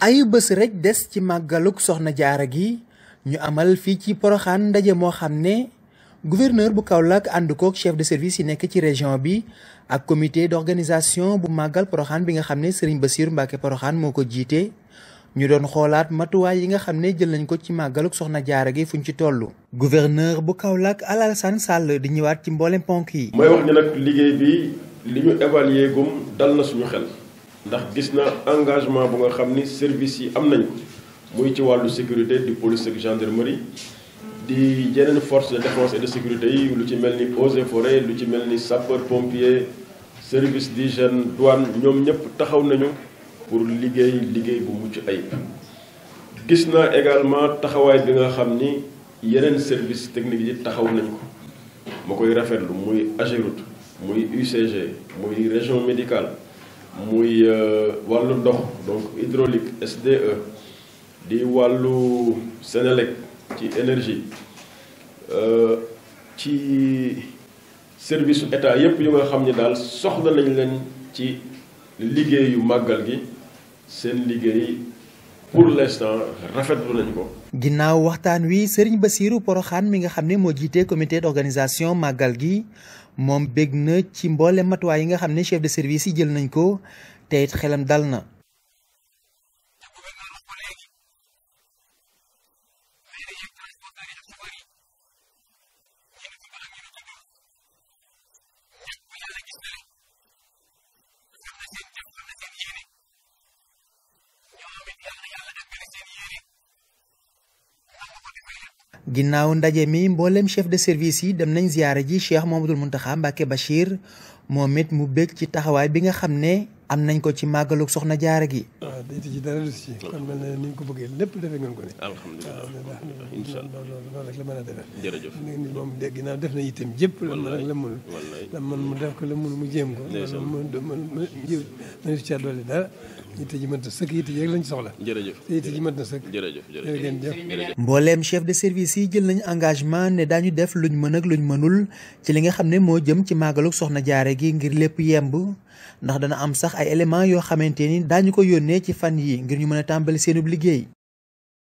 ayu bëss rek des ci magaluk soxna jaara gi ñu amal fiki ci poroxan ndaje mo xam gouverneur bu kaolak and ko chef de service yi nekk ci région bi ak comité d'organisation bu magal poroxan bi nga xam Serigne bassir mbake poroxan moko jité ñu doon xolaat matuwaay yi nga xam jël nañ ko ci magaluk soxna jaara gi fuñ ci tollu gouverneur bu alal san Sall di ñëwaat ci mbolé ponk yi wax ñu nak liggéey bi li évaluer gum dal na suñu xel ndax gis na engagement bu nga xam ni service yi am nañu ko muy ci wàllu sécurité di police ak gendarmerie di yeneen force de défense et de sécurité yi lu ci mel ni eaux et forêt lu ci mel ni sapeur pompier service d'hygiène douane ñoom ñëpp taxaw nañu pour liggéey liggéey bu mucc ayib. gis na également taxawaay bi nga xam ni yeneen service technique yi taxaw nañ ko ma koy rafetlu muy AGEROUTE muy UCG muy région médicale. muy euh, wàllu ndox donc hydraulique SDE di wàllu Sénélec ci énergie euh, ci service état yépp yu nga xam ni daal soxla nañ leen ci liggéeyu màggal gi seen liggéey pour l'instant rafetlu nañ ko. ginnaaw waxtaan wi Serigne Bassirou Porokhane mi nga xam ne moo jiite commité d'organisation màggal gi moom bég na ci mboole matuwaay yi nga xam ne chef de service yi jël nañ ko te it xelam dal na. ginnaaw ndaje mi mbooleem chef de service yi dem nañ ziyaara ji Cheikh Mouhamadoul Mountakha Mbacké Bachir moom it mu bég ci taxawaay bi nga xam ne am nañ ko ci màggalu soxna jaara gi. waaw ah, day ci dara du si kon mel na ni ñu ko bëggee lépp defee ngeen ko ni. alhamdulilah ah, incha allah loolu rek la mën a defee. jërëjëf moom de ginnaaw def na itam jëpp. wallaay la mën la mën mu def ko la mën mu jéem ko. ndeysaan la mën mu jéem mënu si caa dolli yitte ji mën na sëkk yitte soxla. jërëjëf yitte ji mën na mbooleem chef de service yi jël nañu engagement ne daañu def luñ mën ak luñ mënul ci li nga xam ne moo jëm ci màggalug soxna jaare gi ngir lépp yemb ndax dana am sax ay éléments yoo xamante ni daañu ko yónnee ci fan yi ngir ñu mën a tàmbali seenub liggéey